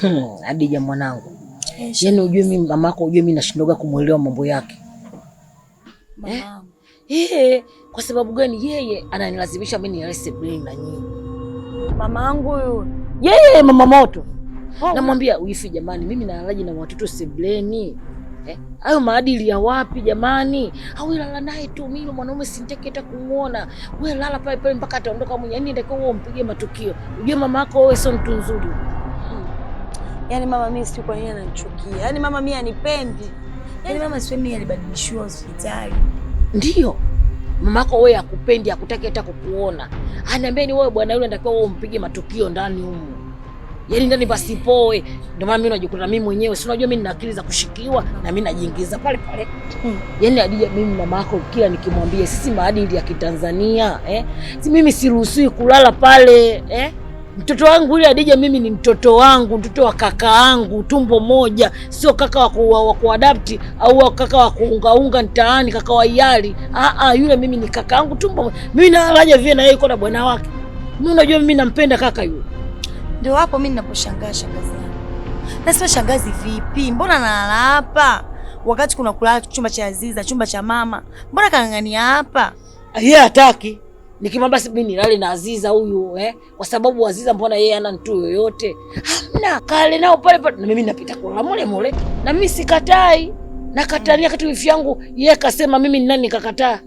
Hmm, Adija mwanangu, eh, yaani ujue mimi mamako, ujue mimi nashindoga kumwelewa mambo yake eh? Yeye, kwa sababu gani yeye ananilazimisha mimi nilale sebuleni na nyinyi? Mamaangu huyu yeye mama moto oh. Namwambia uifi jamani, mimi nalalaji na watoto sebuleni eh? hayo eh? Maadili ya wapi jamani? Au lala naye tu, mimi mwanaume sitaki hata kumuona. Wewe lala pale pale mpaka ataondoka mwenyewe, yaani ndio umpige matukio. Ujue mama yako wewe sio mtu nzuri. Yaani mama mimi sio kwa nini ananichukia. Yaani mama mimi anipendi. Yaani mama sio mimi alibadilishiwa hospitali. Ndio. Mamako wewe akupendi, akutaki hata kukuona. Anaambia ni wewe bwana yule anatakiwa wewe umpige matukio ndani humu. Yaani ndani pasipoe. Ndio maana mimi najikuta mimi mwenyewe, si unajua mimi nina akili za kushikiwa na mimi najiingiza pale pale. Hmm. Yaani Hadija, mimi mamako kila nikimwambia sisi maadili ya Kitanzania, eh? Si mimi siruhusiwi kulala pale, eh? Mtoto wangu yule Adija, mimi ni mtoto wangu, mtoto wa kaka yangu, tumbo moja, sio kaka wa kuadapti au kaka wa kuungaunga mtaani, kaka wa hiari. Ah, yule mimi ni kaka yangu tumbo moja, mimi nalaja vile na yeye yuko na bwana wake. Mimi unajua mimi nampenda kaka yule. Ndio hapo mimi ninaposhangaa shangazi yangu. Nasema shangazi, vipi? Mbona nalala hapa wakati kuna kulala chumba cha Aziza, chumba cha mama? Mbona kangania hapa? Yeye hataki Nikimwambia basi mimi nilale na Aziza huyu eh, kwa sababu Aziza mbona yeye ana mtu yoyote? Hamna, kale nao pale pale na mimi napita kwa mole mole. Na mimi sikatai. Nakatania kitu wifi yangu, yeye kasema mimi ni nani nikakataa.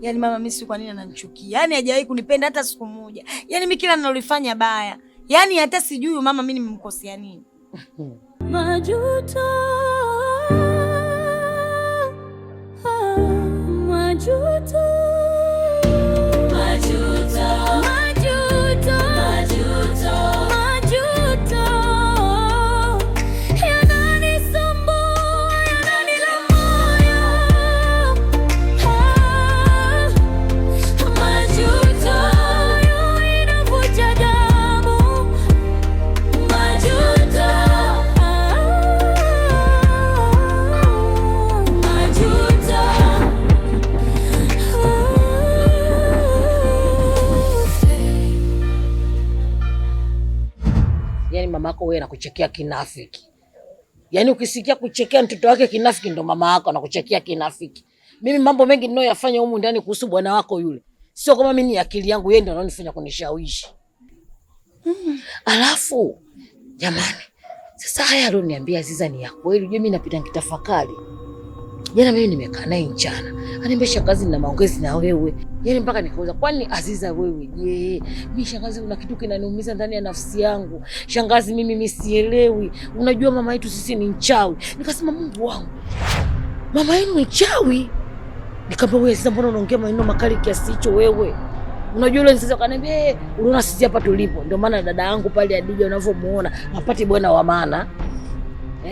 Yani mama mimi si kwa nini ananichukia? Yani hajawahi kunipenda hata siku moja. Yani mimi kila ninalofanya baya. yani hata sijui huyu mama mimi nimemkosea nini. Majuto. Ah, majuto. yako wewe anakuchekea kinafiki. Yaani ukisikia kuchekea mtoto wake kinafiki ndo mama yako anakuchekea kinafiki. Mimi mambo mengi ninayoyafanya humu ndani kuhusu bwana wako yule. Sio kama mimi ni akili yangu yeye ndo anonifanya kunishawishi. Mm. Alafu jamani, sasa haya aloniambia Aziza ni ya kweli. Unajua mimi napita nikitafakari. Jana yaani mimi nimekaa naye mchana, ananiambia shangazi, nina maongezi na wewe, yaani mpaka nikauza. Kwani Aziza wewe je? Mimi shangazi, kuna kitu kinaniumiza ndani ya nafsi yangu shangazi, mimi misielewi. Unajua mama yetu sisi ni mchawi. Nikasema Mungu wangu, mama yenu ni mchawi? Nikamwambia wewe, sasa mbona unaongea maneno makali kiasi hicho wewe? Unajua yule sasa kaniambia, eh, unaona sisi hapa tulipo, ndio maana dada yangu pale Adija unavyomuona apate bwana wa maana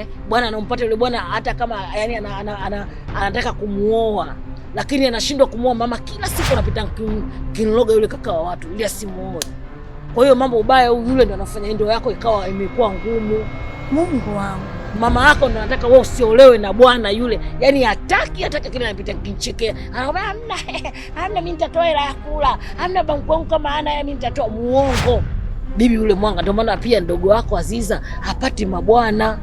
eh, bwana anampata yule bwana hata kama yani ana, ana, ana, anataka kumuoa lakini anashindwa kumuoa. Mama kila siku anapita kinloga yule kaka wa watu ili asimuoe. Kwa hiyo mambo ubaya huyu yule ndo anafanya ndoa yako ikawa imekuwa ngumu. Mungu wangu, mama yako ndo anataka wewe usiolewe na bwana yule, yani hataki hataki, kile anapita kinchekea, anaomba hamna, hamna, mimi nitatoa hela ya kula, hamna banku wangu kama ana mimi nitatoa. Muongo bibi yule mwanga. Ndio maana pia ndogo wako Aziza hapati mabwana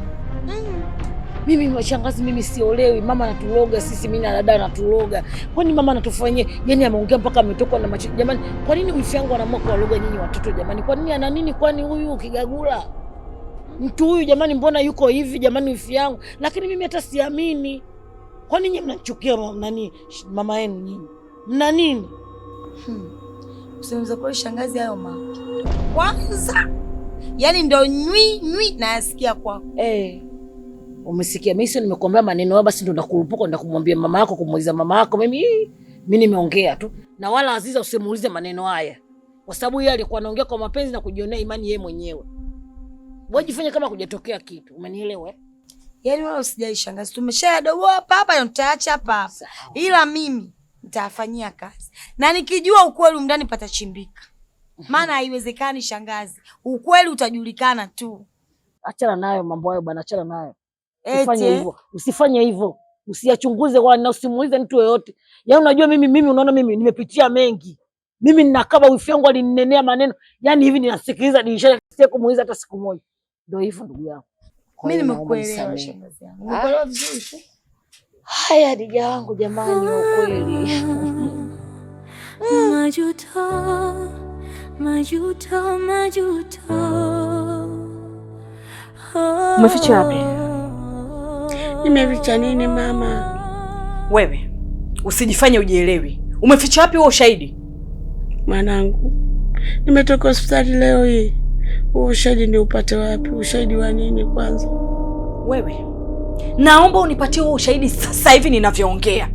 mimi shangazi, mimi siolewi, mama natuloga sisi, mimi na dada anatuloga, Kwani mama natufanyia yani? Ameongea mpaka ametoka na macho. Jamani, kwa nini wifi yangu anaamua kuwaloga nyinyi watoto jamani? Kwa nini ana nini? Kwani huyu ukigagula mtu huyu jamani, mbona yuko hivi jamani, wifi yangu? Lakini mimi hata siamini. Kwa nini mnachukia nani mama yenu? Nyinyi mna nini? hmm. Sehemu kwa shangazi, hayo ma kwanza, yani ndo nywi nywi nayasikia kwako eh. Umesikia, mimi sio nimekuambia maneno haya, basi ndo nakurupuka ndo kumwambia mama yako, kumuuliza mama yako. Mimi mimi nimeongea tu, na wala Aziza usimuulize maneno haya, kwa sababu yeye alikuwa anaongea kwa mapenzi na kujionea imani yeye mwenyewe. Wewe jifanye kama kujatokea kitu, umenielewa? Eh? Yaani wewe usijaishangazi, tumeshadogo hapa hapa, nitaacha hapa hapa, ila mimi nitafanyia kazi na nikijua ukweli mndani patachimbika, mhm. maana haiwezekani shangazi, ukweli utajulikana tu. Achana nayo mambo hayo bwana, achana nayo Eh? Usifanye hivyo, usiyachunguze na usimuulize mtu yoyote. Yaani unajua mimi mimi, unaona mimi nimepitia mengi, mimi ninakaba wifi yangu alininenea maneno yaani hivi, ninasikiliza dirishani, sikumuuliza hata siku moja. Ndio hivyo ndugu yangu. Mimi nimekuelewa shangazi yangu. Nimekuelewa vizuri. Haya dija wangu jamani, ukweli. Majuto, majuto, majuto. Umeficha wapi? Nimeficha nini mama? Wewe usijifanye ujielewi. Umeficha wapi huo ushahidi? Mwanangu, nimetoka hospitali leo hii. Huo ushahidi ni upate wapi? Ushahidi wa nini? Kwanza wewe, naomba unipatie huo ushahidi sasa hivi ninavyoongea,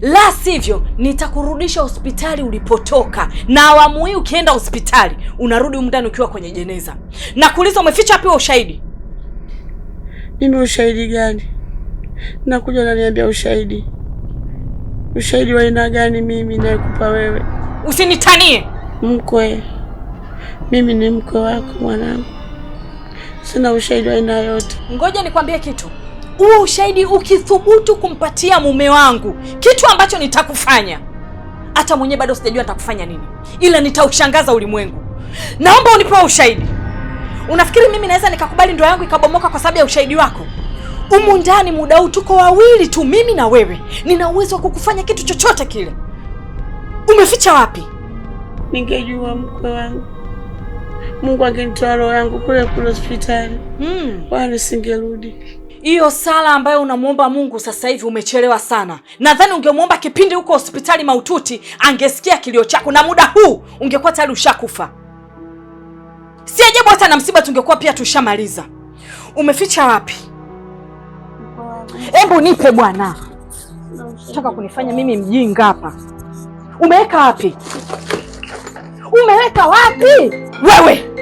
la sivyo nitakurudisha hospitali ulipotoka, na awamu hii ukienda hospitali unarudi umndani ukiwa kwenye jeneza. Nakuuliza, umeficha wapi huo ushahidi? Mimi ushahidi gani? Nakuja unaniambia ushahidi, ushahidi wa aina gani? Mimi nakupa wewe. Usinitanie mkwe, mimi ni mkwe wako mwanangu, sina ushahidi wa aina yote. Ngoja nikwambie kitu, huo ushahidi ukithubutu kumpatia mume wangu, kitu ambacho nitakufanya hata mwenyewe bado sijajua nitakufanya nini, ila nitaushangaza ulimwengu. Naomba unipewa ushahidi. Unafikiri mimi naweza nikakubali ndoa yangu ikabomoka kwa sababu ya ushahidi wako? Humu ndani muda huu tuko wawili tu, mimi na wewe. Nina uwezo wa kukufanya kitu chochote kile. Umeficha wapi? Ningejua mkwe wangu, Mungu angenitoa roho yangu kule kule hospitali, mm, wala nisingerudi. Hiyo sala ambayo unamwomba Mungu sasa hivi umechelewa sana. Nadhani ungemwomba kipindi huko hospitali maututi, angesikia kilio chako, na muda huu ungekuwa tayari ushakufa. Si ajabu hata na msiba tungekuwa pia tushamaliza. Umeficha wapi? Hebu nipe bwana. Nataka kunifanya mimi mjinga hapa. Umeweka wapi? Umeweka wapi wewe?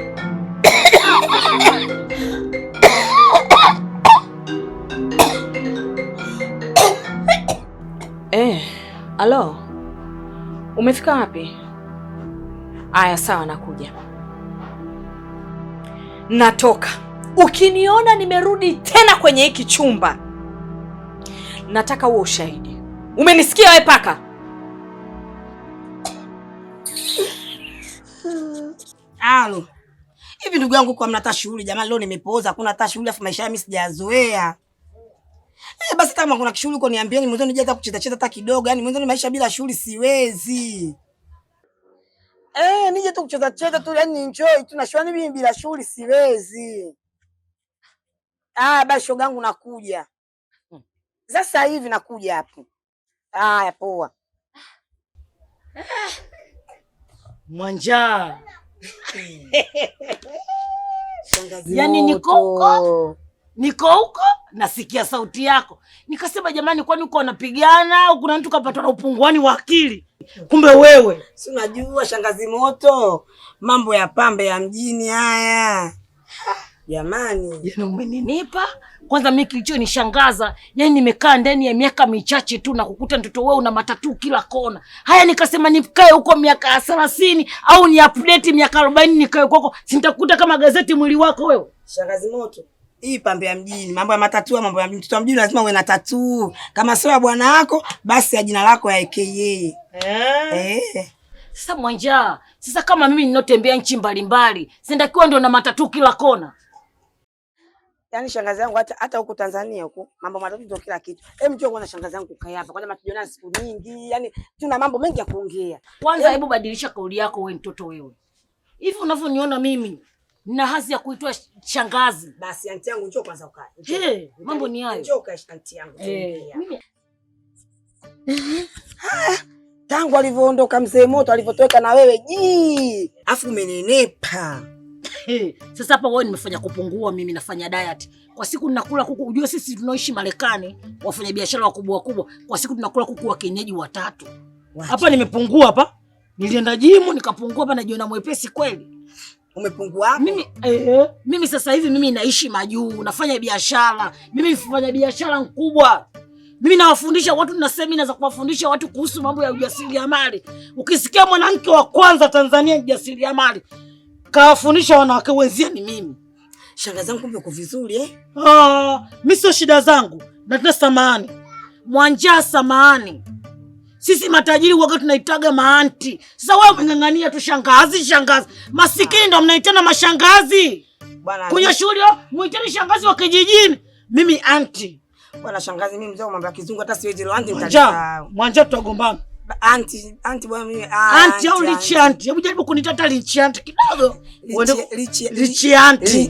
Eh, alo, umefika wapi? Aya, sawa, nakuja natoka. Ukiniona nimerudi tena kwenye hiki chumba, nataka huo ushahidi. Umenisikia wewe paka? Alo. Hivi ndugu yangu kwa mnata shughuli jamani, leo nimepoza kuna hata shughuli afu maisha yangu sijazoea. Eh, basi kama kuna kishughuli uko niambieni, mwanzo nijaza hata kucheza cheza hata kidogo, yani mwanzo maisha bila shughuli siwezi. Eh, nije tu kucheza cheza tu yani enjoy tu na shwani mimi bila shughuli siwezi. Ah, basi shogangu nakuja. Sasa hivi nakuja hapo. Haya poa. Mwanja. Yaani ni niko huko nasikia sauti yako, nikasema jamani, kwani uko unapigana au kuna mtu kapatwa na upunguani wa akili? Kumbe wewe si unajua, shangazi moto, mambo ya pambe ya mjini haya jamani. Jana umeninipa kwanza, mimi kilichonishangaza yani, nimekaa ndani ya miaka michache tu na kukuta mtoto wewe una matatu kila kona. Haya, nikasema nikae huko miaka ya thelathini au ni update miaka arobaini nikae huko, sintakuta kama gazeti mwili wako wewe, shangazi moto hii pambe ya mjini, mambo ya matatu, mambo ya mjini. Mtoto mjini lazima uwe na tatu, Kama sio ya bwana wako, basi ya jina lako ya AKA. Eh. Eh. Sasa Mwanja, sasa kama mimi ninotembea nchi mbalimbali, sindakiwa ndio na matatu kila kona. Yaani shangazi yangu hata hata huko Tanzania huko mambo matatu ndio kila kitu. Hem, njoo uone shangazi yangu kukaa hapa. Kwanza matujiona siku nyingi. Yaani tuna mambo mengi ya kuongea. Kwanza eh? hebu badilisha kauli yako wewe mtoto wewe. Hivi unavyoniona mimi na hasi ya kuitwa shangazi. Basi anti yangu njoo kwanza ukae. Hey, mambo ni hayo. Njoo kae anti yangu. Hey. Tangu alivyoondoka mzee moto alivyotoweka na wewe jii. Afu umenenepa. Hey, sasa hapa wewe nimefanya kupungua mimi nafanya diet. Kwa siku nakula kuku. Unajua sisi tunaishi Marekani, wafanya biashara wakubwa wakubwa. Kwa siku tunakula kuku wa kienyeji watatu. Hapa nimepungua hapa. Nilienda jimu nikapungua hapa najiona mwepesi kweli umepungua mimi, eh, mimi sasa hivi mimi naishi majuu, nafanya biashara mimi, nafanya biashara nkubwa mimi nawafundisha watu na semina za kuwafundisha watu kuhusu mambo ya ujasiriamali. Ukisikia mwanamke wa kwanza Tanzania mjasiriamali, kawafundisha wanawake wenzia ni mimi. Shanga zangu kumbe vizuri eh? Ah, mimi sio shida zangu na tena samani mwanja samahani. Sisi matajiri waga tunaitaga maanti. Sasa wewe umeng'ang'ania tu shangazi, shangazi. Masikini ndo mnaitana mashangazi kwenye shule, mwiteni shangazi wa kijijini, mimi anti. Bwana shangazi, mimi mzee wa mambo ya kizungu hata siwezi leo anti nitalisaa. Mwanja tutagombana. Anti, anti bwana mimi ah, anti au lichi anti. Hebu jaribu kunita hata lichi anti kidogo. Lichi lichi anti.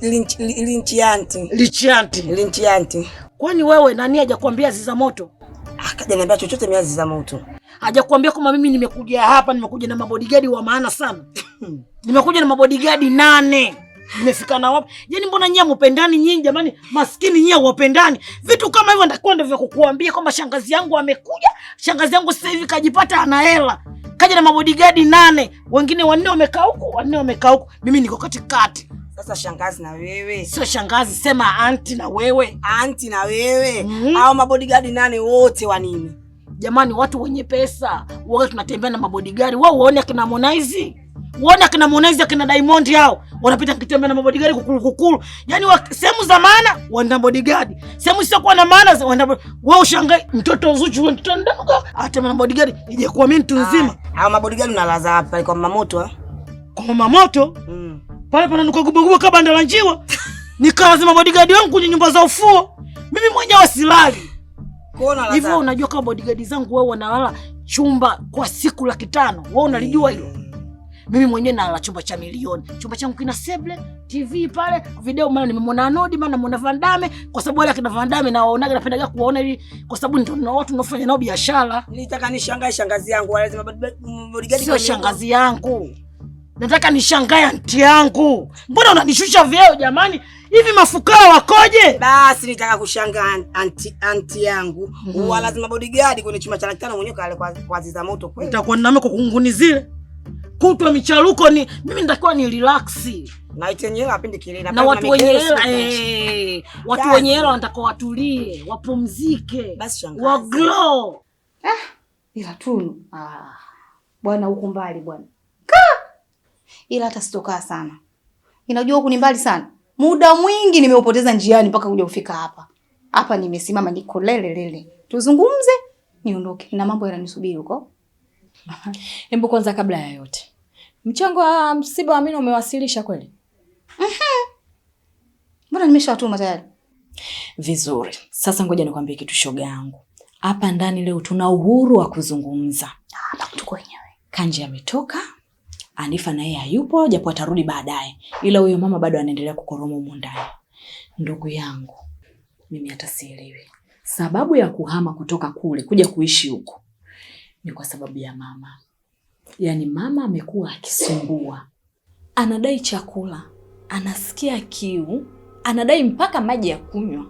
Lichi anti. Lichi anti. Lichi anti. Kwani wewe nani hajakwambia ziza moto? Ah, Akaja niambia chochote miazi za moto. Hajakuambia kama mimi nimekuja hapa, nimekuja na mabodyguard wa maana sana. Nimekuja na mabodyguard nane. Nimefika na wapi? Yaani mbona nyinyi mupendani nyinyi jamani? Maskini nyinyi wapendani. Vitu kama hivyo ndio ndio vya kukuambia kwamba shangazi yangu amekuja. Shangazi yangu sasa hivi kajipata ana hela. Kaja na mabodyguard nane. Wengine wanne wamekaa huku, wanne wamekaa huku. Mimi niko katikati. Sasa shangazi na wewe. Sio shangazi, sema anti na wewe. Anti na wewe. Mm mm-hmm. -hmm. Au mabodigadi nane wote wa nini? Jamani, watu wenye pesa wao tunatembea na mabodyguard. Wao uone akina Harmonize. Uone akina Harmonize akina Diamond yao. Wanapita kitembea na mabodyguard kukulu kukulu. Yaani sehemu za maana wana bodigadi. Sehemu sio kwa na maana wana wewe ushangae mtoto Zuchu mtoto ndogo Hata na bodigadi. ijakuwa mimi mtu mzima. Ah, hao mabodyguard unalaza hapa kwa mamoto ah. Eh? Koma moto mm. Pale pana nikagubaguba kabanda la njiwa nikawa lazima bodyguard wangu kwenye nyumba za ufuo, mimi mwenyewe silali hivyo. Unajua kama bodyguard zangu wao wanalala chumba kwa siku laki tano, wao unalijua hilo? Mm. Mimi mwenyewe nalala chumba cha milioni. Chumba changu kina seble, TV pale, video maana nimemwona Anodi, maana namwona Vandame kwa sababu wale akina Vandame na waonaga napendaga kuwaona ili kwa sababu ndio na watu naofanya nao biashara. Nitaka nishangae shangazi yangu, wale zima bodyguard kwa shangazi yangu Nataka nishangae anti yangu, mbona unanishusha vyeo jamani? Hivi mafukara wakoje? Basi nitaka kushangaa anti, anti yangu mm -hmm. Uwa lazima bodyguard kwenye chuma cha laki tano mwenyewe kale kwa, kwa ziza moto kweli. Nitakuwa niname kukunguni zile kutwa micharuko ni mimi nitakuwa ni relax. Na itenye hela apende kelele na watu wenye hela eh, watu yaani. wenye hela wanataka watulie, wapumzike. Basi shangaa. Wa glow. Eh, ila tunu. Ah. Bwana huko mbali bwana ila hata sitokaa sana. Inajua huku ni mbali sana, muda mwingi nimeupoteza njiani mpaka kuja kufika hapa. Hapa nimesimama niko lele lele, tuzungumze niondoke na mambo yananisubiri huko. Hebu kwanza, kabla ya yote, mchango wa msiba wa Amina umewasilisha kweli? Mbona nimeshawatuma tayari? Vizuri. Sasa ngoja nikwambie kitu, shoga yangu, hapa ndani leo tuna uhuru wa kuzungumza. Ah, tuko wenyewe. Kanje ametoka Anifa na yeye hayupo, japo atarudi baadaye, ila huyo mama bado anaendelea kukoroma humu ndani. Ndugu yangu, mimi hata sielewi sababu ya kuhama kutoka kule kuja kuishi huku ni kwa sababu ya mama. Yaani mama amekuwa akisumbua, anadai chakula, anasikia kiu, anadai mpaka maji ya kunywa.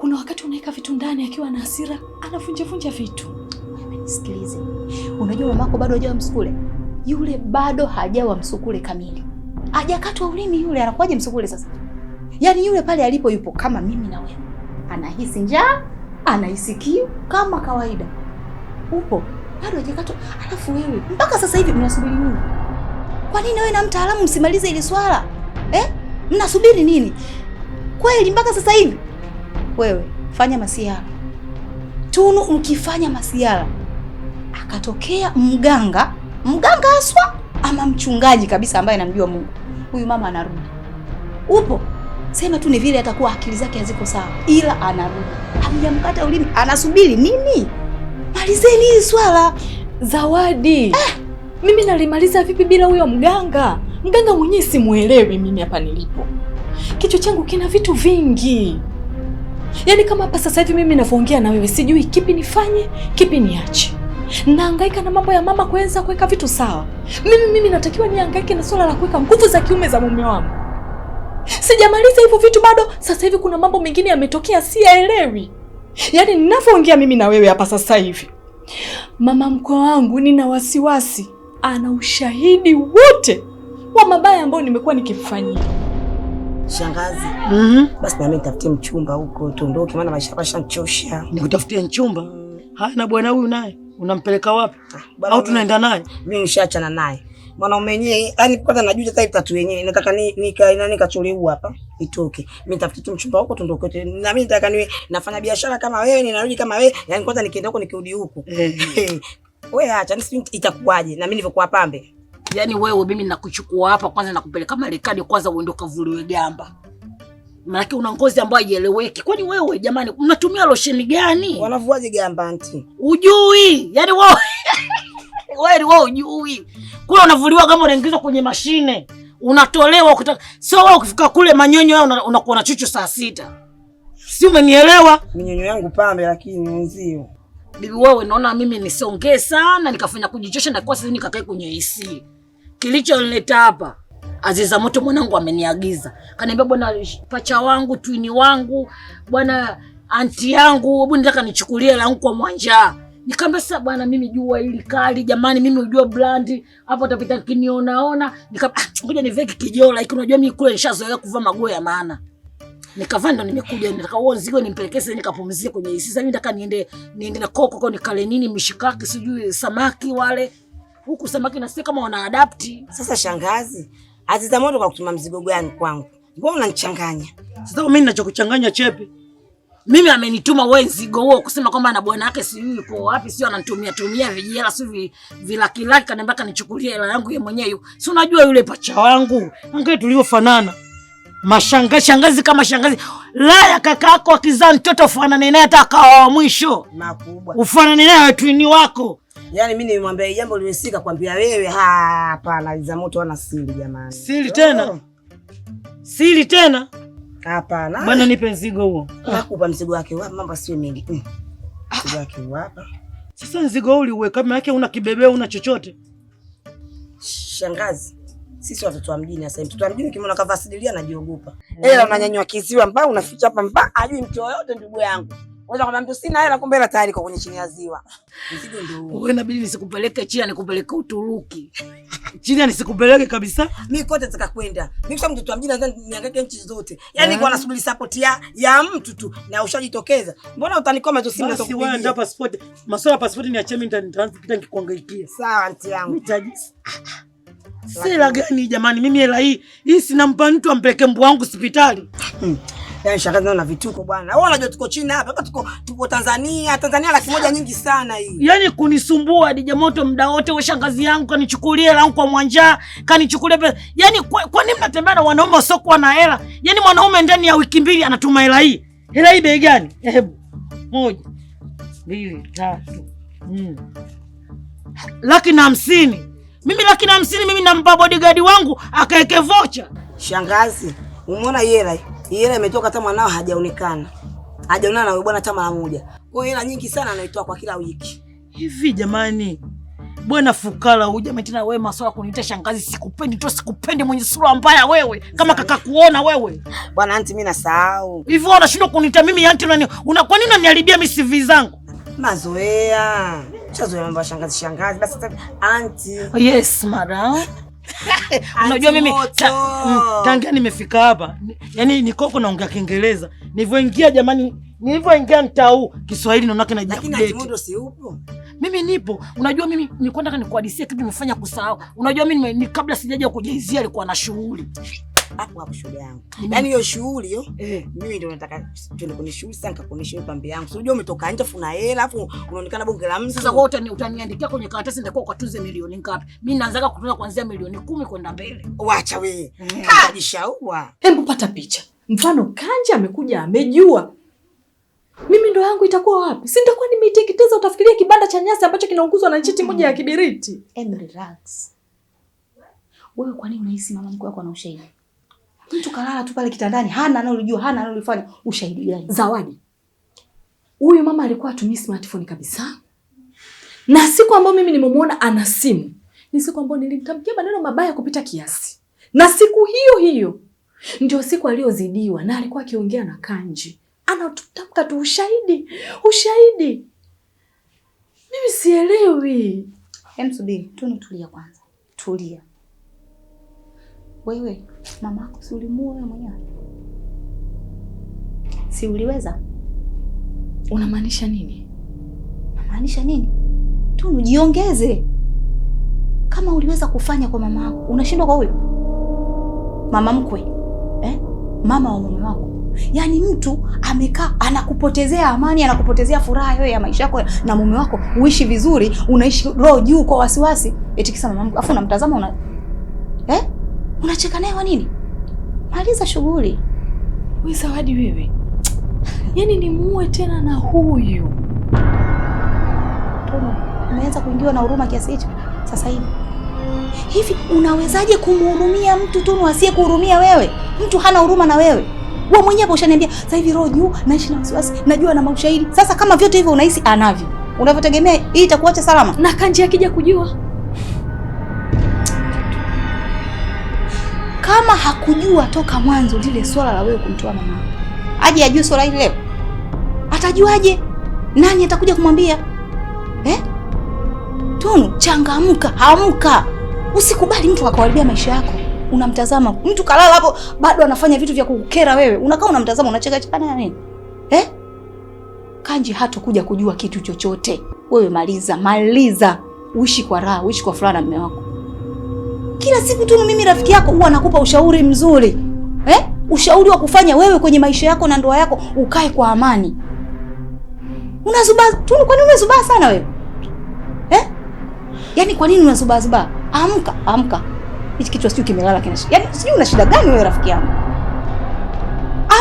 Kuna wakati unaweka vitu ndani, akiwa na hasira anavunjavunja vitu. unajua mamako bado hajamsukule yule bado hajawa msukule kamili, hajakatwa ulimi yule, anakuwaje msukule sasa? Yaani yule pale alipo yupo kama mimi na wewe, anahisi njaa, anahisi kiu kama kawaida. Upo bado hajakatwa, alafu wewe mpaka sasa hivi mnasubiri nini? Kwa nini wewe na mtaalamu msimalize ile swala eh? Mnasubiri nini kweli mpaka sasa hivi? Wewe fanya masiara Tunu, mkifanya masiara akatokea mganga mganga aswa ama mchungaji kabisa ambaye anamjua Mungu. Huyu mama anarudi, upo sema tu, ni vile atakuwa akili zake haziko sawa, ila anarudi. Hamjamkata ulimi, anasubiri nini? Malizeni hii swala Zawadi. Eh, mimi nalimaliza vipi bila huyo mganga? Mganga mwenyewe simuelewi mimi hapa nilipo. Kichwa changu kina vitu vingi. Yaani kama hapa sasa hivi mimi ninavyoongea na wewe, sijui kipi nifanye, kipi niache naangaika na mambo ya mama kuweza kuweka vitu sawa. Mimi mimi natakiwa niangaike na swala la kuweka nguvu za kiume za mume wangu. Sijamaliza hivyo vitu bado. Sasa hivi kuna mambo mengine yametokea, siyaelewi. Yaani ninavyoongea mimi na wewe hapa sasa hivi, mama mkwe wangu, nina wasiwasi, ana ushahidi wote wa mabaya ambayo nimekuwa nikimfanyia shangazi. mm -hmm. Basi nami nitafutie mchumba huko, tuondoke, maana maisha yashanchosha. Nikutafutie mchumba? Haya, na bwana huyu naye Unampeleka wapi? Au tunaenda naye? Mimi nishaachana naye. Mwanaume mwenyewe, yani kwanza najua type tatu yenyewe. Nataka ni nika nani kachole huu hapa itoke. Mimi nitafuta tu mchumba huko tuondoke tena. Na mimi nataka niwe nafanya biashara kama wewe, ninarudi kama wewe. Yani kwanza nikienda huko nikirudi huko. Eh, eh. Wewe acha nisi itakuwaje? Na mimi nilivyokuwa pambe. Yaani wewe mimi nakuchukua hapa kwanza nakupeleka Marekani kwanza uondoka vuliwe gamba. Maanake una ngozi ambayo haieleweki. Kwani wewe jamani, unatumia losheni gani? Wanavuaje gamba anti? Ujui yaani wewe wewe wewe ujui kule unavuliwa kama unaingizwa kwenye mashine unatolewa kuta... sio wewe ukifika kule manyonyo yao unakuwa na chuchu saa sita, si umenielewa? Minyonyo yangu pambe, lakini mwenzio bibi wewe, naona mimi nisiongee sana nikafanya kujichosha na kwa sasa nikakae kwenye AC. Kilichonileta hapa Aziza Moto mwanangu ameniagiza, kaniambia bwana, pacha wangu twini wangu bwana, anti yangu, hebu nataka nichukulie langu kwa Mwanja. Nikamba sasa bwana, mimi jua hili kali jamani, mimi ujua brand hapo utapita kinionaona. Nikamba ah, ngoja ni veki kijola hiki, unajua mimi kule nishazoea kuvaa magoe ya maana nikavaa ndo nimekuja, nataka huo mzigo nimpelekeze nikapumzike kwenye hisi sasa. Mimi nataka niende niende na koko kwa nikale nini, mishikaki sijui samaki wale huku, samaki na sio kama wana adapti. Sasa shangazi, Aziza Moto kwa kutuma mzigo gani kwangu? Mbona unanichanganya? Sasa mimi ninachokuchanganya chepe. Mimi amenituma wewe mzigo huo kusema kwamba na bwana yake si yuko wapi sio ananitumia tumia vijela si vilaki laki kaniambia kanichukulie hela yangu yeye mwenyewe. Si unajua yule pacha wangu, angalia tuliofanana. Mashanga shangazi kama shangazi. Laya kakako akizaa mtoto ufanane naye hata akawa wa mwisho. Makubwa. Ufanane naye twini wako. Yaani mimi nimwambia jambo limesika kwambia wewe hapana, za moto wana siri jamani. Siri tena? Oh. Siri tena? Hapana. Bwana nipe mzigo huo. Nakupa mzigo wake wapi? Mambo sio mengi. Mm. Mzigo wake wapi? Sasa mzigo uli uwe kama yake una kibebeo una chochote. Shangazi. Sisi watoto wa mjini sasa, mtoto wa mjini kimona kavaa sidiria anajiogopa. Ela unanyanyua kiziwa mbao unaficha hapa mbao, ajui mtu yote ndugu yangu. Unaweza kwamba mtu sina hela, kumbe hela tayari kwa kwenye chini ya ziwa. Mzigo ndio wewe, inabidi nisikupeleke China, nikupeleke Uturuki. China nisikupeleke kabisa. Mimi kote nataka kwenda. Mimi kwa mtoto wa mjini nadhani niangalie nchi zote. Yaani niko nasubiri eh? support ya ya mtu tu na ushajitokeza. Mbona utanikoma hizo simu zako? Si wewe ndio passport. Masuala ya passport ni acheme ndani mimi nitaanza nikikuangaikia. Sawa anti yangu. Sela gani jamani, mimi hela hii hii sinampa mtu ampeleke mbwa wangu hospitali. Hmm. Yaani shangazi na vituko bwana. Wewe unajua tuko China hapa, hapa tuko tuko Tanzania. Tanzania laki moja nyingi sana hii. Yaani kunisumbua dija moto muda wote wewe shangazi yangu kanichukulie hela kwa mwanja, kanichukulie pesa. Yaani kwa, kwa nini mnatembea na wanaume wasiokuwa na hela? Yaani mwanaume ndani ya wiki mbili anatuma hela hii. Hela hii bei gani? Hebu. Moja. Mbili, tatu. Mm. Laki na hamsini. Mimi laki na hamsini mimi nampa bodyguard wangu akaeke vocha. Shangazi, umeona hela hii? Ile imetoka hata mwanao hajaonekana. Hajaonana na yule bwana hata mara moja. Kwa hiyo hela nyingi sana anaitoa kwa kila wiki. Hivi jamani. Bwana fukara huja tena wewe maswala kuniita shangazi, sikupendi tu, sikupendi mwenye sura mbaya wewe, kama kaka kuona wewe. Bwana anti, mimi nasahau. Hivi wewe unashindwa kuniita mimi anti, unani una kwa nini unaniharibia mimi CV zangu? Mazoea. Chazoea mambo ya shangazi shangazi. Basi anti. Oh, yes, madam. Unajua mimi mm, tangia nimefika hapa, yani nikoko naongea Kiingereza nilivyoingia. Jamani, nilivyoingia mtaa huu Kiswahili naonake upo? mimi nipo. Unajua mimi nilikwenda nataka kitu nimefanya kusahau. Unajua mimi kabla sijaja kujaizia alikuwa na shughuli hapo hapo shule yangu. Mm-hmm. Yaani hiyo shughuli hiyo eh. mimi ndio nataka twende kwenye shughuli sasa nikakuonesha hiyo pambe yangu. Unajua umetoka nje afu una hela afu unaonekana bonge la mtu. Sasa wewe utani utaniandikia kwenye karatasi ndio kwa tuze milioni ngapi? Mimi naanzaga kutoa kuanzia milioni kumi kwenda mbele. Wacha wewe. Eh. Kajishaua. Hebu pata picha. Mfano Kanja amekuja amejua. Mimi ndo yangu itakuwa wapi? Si nitakuwa nimeiteketeza, utafikiria kibanda cha nyasi ambacho kinaunguzwa na chiti moja ya kibiriti. Em, relax. Wewe kwa nini unahisi mama mkwe wako ana ushahidi? mtu kalala tu pale kitandani, hana analojua, hana analofanya. Ushahidi gani? Zawadi, huyu mama alikuwa atumii smartphone kabisa, na siku ambayo mimi nimemwona ana simu ni siku ambayo nilimtamkia maneno mabaya kupita kiasi, na siku hiyo hiyo ndio siku aliyozidiwa, na alikuwa akiongea na Kanji, anatamka tu ushahidi, ushahidi. Mimi sielewi. Hebu subiri tu, nitulia kwanza, tulia wewe mama yako si ulimuua wewe mwenyewe? Si uliweza? Unamaanisha nini? Unamaanisha nini? Tunu, jiongeze. Kama uliweza kufanya kwa mama yako, unashindwa kwa huyo mama mkwe eh? Mama wa mume wako. Yaani mtu amekaa anakupotezea amani, anakupotezea furaha yoyo ya maisha yako na mume wako, uishi vizuri, unaishi roho juu kwa wasiwasi, eti kisa mama mkwe, afu unamtazama una Unacheka naye kwa nini? Maliza shughuli. Wewe Zawadi wewe. Yaani muue tena na huyu. Tuna umeanza kuingiwa na huruma kiasi hicho sasa hivi. Hivi unawezaje kumhurumia mtu Tunu kuhurumia wewe? Mtu hana huruma na wewe. Wewe mwenyewe hapo ushaniambia sasa hivi roho juu, naishi na wasiwasi, najua na maushahidi. Sasa kama vyote hivyo unahisi anavyo. Unavyotegemea hii itakuacha salama? Na kanji akija kujua kama hakujua toka mwanzo lile swala la wewe kumtoa mama, aje ajue swala hili leo? Atajuaje? Nani atakuja kumwambia eh? Tunu, changamka, amka, usikubali mtu akawaribia maisha yako. Unamtazama mtu kalala hapo, bado anafanya vitu vya kukera, wewe unakaa unamtazama, unacheka chekana na nini eh? Kanji kuja kujua kitu chochote. Wewe maliza, maliza, uishi kwa raha, uishi kwa furaha na mume wako. Kila siku tu mimi rafiki yako huwa nakupa ushauri mzuri eh? Ushauri wa kufanya wewe kwenye maisha yako na ndoa yako ukae kwa amani. Unazubaa tu, nini unazubaa sana wewe eh? Yaani kwa nini unazubaa zubaa? Amka, amka. Hichi kichwa sio kimelala kina shida. Yaani sijui una shida gani wewe rafiki yangu?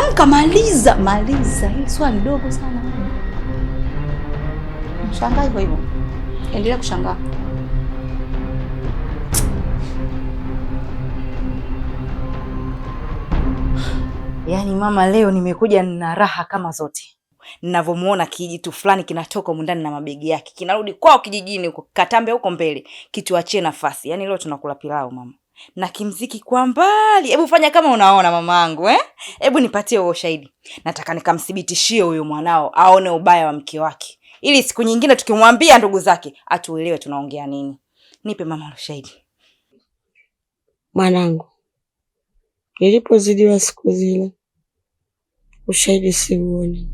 Amka, maliza, maliza. Hii swali dogo sana. Shangaa hivyo. Endelea kushangaa. Yaani mama, leo nimekuja na raha kama zote. Ninavyomuona kijitu fulani kinatoka huko ndani na mabegi yake kinarudi kwao kijijini huko Katambe huko mbele, kituachie nafasi. Yaani leo tunakula pilau mama, na kimziki kwa mbali. Hebu fanya kama unaona mamaangu, eh? Hebu nipatie huo shahidi, nataka nikamthibitishie huyo mwanao aone ubaya wa mke wake, ili siku nyingine tukimwambia ndugu zake atuelewe tunaongea nini. Nipe mama ushahidi, mwanangu. Nilipozidiwa siku zile, ushahidi siuoni.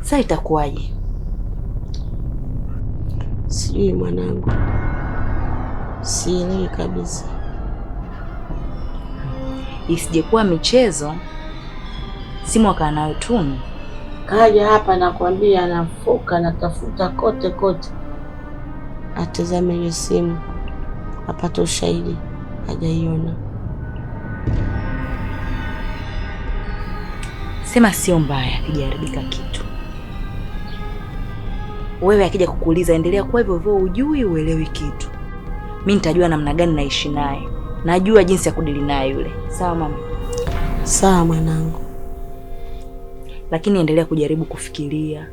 Sasa itakuwaje? sijui mwanangu, sielewi kabisa. Isijekuwa michezo, simu nayo Tunu kaja hapa, nakwambia, anafuka natafuta kote kote, atazame hiyo simu apate ushahidi, hajaiona. Sema sio mbaya akijaribika kitu wewe akija kukuuliza endelea kuwa hivyo hivyo, ujui uelewi kitu. Mi nitajua namna gani naishi naye, najua jinsi ya kudili naye yule. Sawa mama? Sawa mwanangu, lakini endelea kujaribu kufikiria,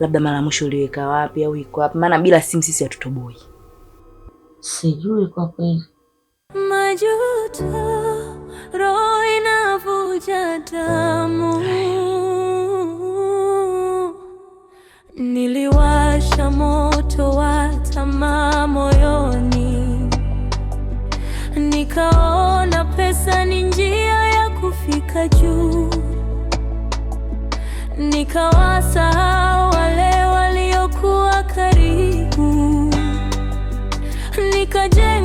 labda mara mwisho uliweka wapi au iko wapi? Maana bila simu sisi hatutoboi. Sijui kwa kweli. Majuto roho inavuja damu Niliwasha moto wa tamaa moyoni, nikaona pesa ni njia ya kufika juu, nikawasahau wale waliokuwa karibu, nikaje